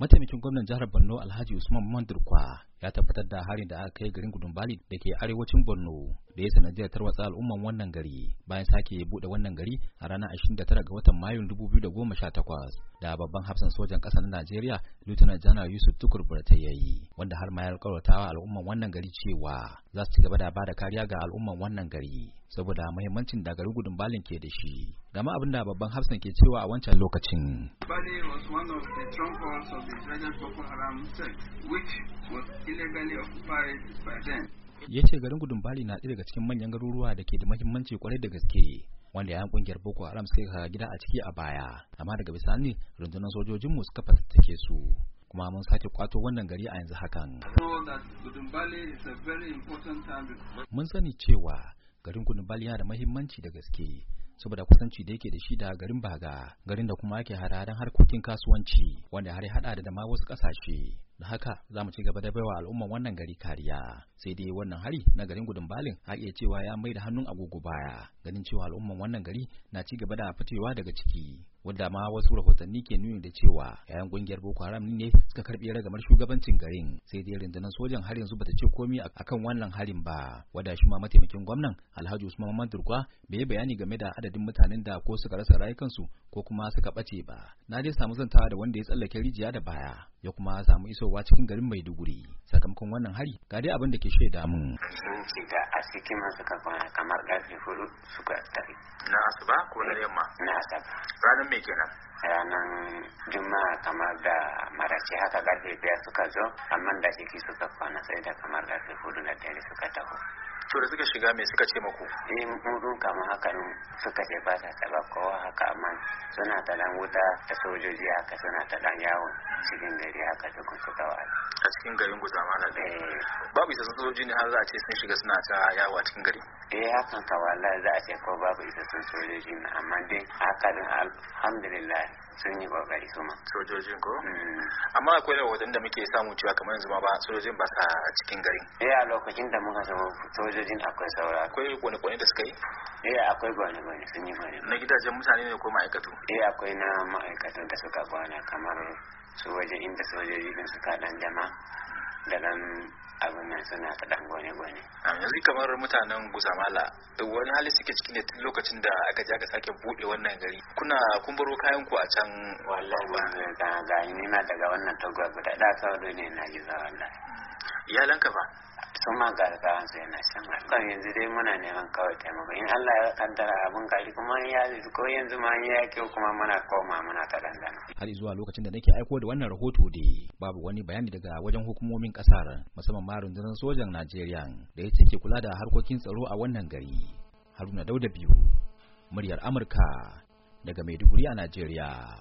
mataimakin gwamnan jihar borno alhaji usman mandurkwa ya tabbatar da harin da aka kai garin Gudumbali da ke arewacin Borno da ya sanadiyar tarwatsa al'umman wannan gari bayan sake bude wannan gari a ranar 29 ga watan Mayun 2018 da babban hafsan sojan ƙasar Najeriya Lieutenant General Yusuf Tukur Burta ya yi wanda har ma ya alƙawartawa al'umman wannan gari cewa za su ci gaba da ba da kariya ga al'umman wannan gari saboda mahimmancin da garin Gudumbalin ke da shi gama abin da babban hafsan ke cewa a wancan lokacin. was one of the strongholds of the which was ya ce garin gudun bali na ɗaya daga cikin manyan garuruwa da ke da mahimmanci kwarai da gaske wanda yayin kungiyar boko haram suka gida a ciki a baya amma daga bisani rundunar sojojinmu suka fasitake su kuma mun sake kwato wannan gari a yanzu hakan. Mun sani cewa garin gudun Bali yana da mahimmanci da gaske saboda kusanci da yake da shi da garin Baga, garin da kuma ake hada harkokin kasuwanci wanda har ya hada da ma wasu ƙasashe. da haka za mu ci gaba da baiwa al'umman wannan gari kariya sai dai wannan hari na garin gudun balin haƙe cewa ya mai da hannun agogo baya ganin cewa al'umman wannan gari na ci gaba da fitowa daga ciki wanda ma wasu rahotanni ke nuni da cewa yayan kungiyar Boko Haram ne suka karbi ragamar shugabancin garin sai dai rundunar sojan har yanzu bata ce komai akan wannan harin ba wanda shi ma mataimakin gwamnan Alhaji Usman Muhammad Durgwa bai bayani game da adadin mutanen da ko suka rasa rayukansu ko kuma suka bace ba na dai samu zantawa da wanda ya tsallake rijiya da baya ya kuma samu isowa cikin garin Maiduguri sakamakon wannan hari ga dai abin da ke shaida mun da a kamar ƙarfe suka tafi na asuba ko na yamma na asuba me kenan ranar juma'a kamar da marashi haka karfe biyar suka zo amma da jiki suka kwana sai da kamar karfe hudu na dare suka taho to da suka shiga me suka ce maku eh mudu kama haka ne suka ce ba ta taba kowa haka amma suna ta dan wuta da sojoji haka suna ta dan yawon cikin gari haka duk suka wata. cikin garin guzama na eh. babu isassun sojoji ne har za a ce sun shiga suna ta yawo a cikin gari eh hakan ka wallahi za a ce ko babu isassun sojoji ne amma dai hakanin alhamdulillah sun yi kokari su ma sojojin ko mm. amma akwai wajen da muke samu cewa kamar yanzu ma ba sojojin ba sa cikin gari eh a lokacin da muka samu sojojin akwai saura akwai gwani gwani da suka yi eh akwai gwane-gwane sun yi gwani na gidajen mutane ne ko ma'aikatu eh akwai na ma'aikatan da suka gwana kamar su waje inda sojoji din suka dan jama'a. da nan abin nan suna ta dan gwane-gwane. yanzu kamar mutanen guzamala wani hali suke ciki ne tun lokacin da aka ji aka sake buɗe wannan gari kuna kun kayan ku a can wallahi ba ga ni na daga wannan tagwa guda da sauro ne na gizo wallahi iyalanka ba sun ma ga yana shan alƙawar yanzu dai muna neman kawai taimako in Allah ya kaddara abin kari kuma ya ko yanzu ma ya kyau kuma muna koma muna ta dandana. Har zuwa lokacin da nake aiko da wannan rahoto da babu wani bayani daga wajen hukumomin kasar musamman ma rundunar sojan Najeriya da ya ke kula da harkokin tsaro a wannan gari. Haruna Dauda biyu muryar Amurka daga Maiduguri a Najeriya.